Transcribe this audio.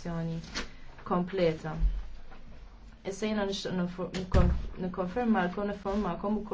votazzjoni kompleta. Issa jena nixtieq nikkonfermalkom niformalkom ukoll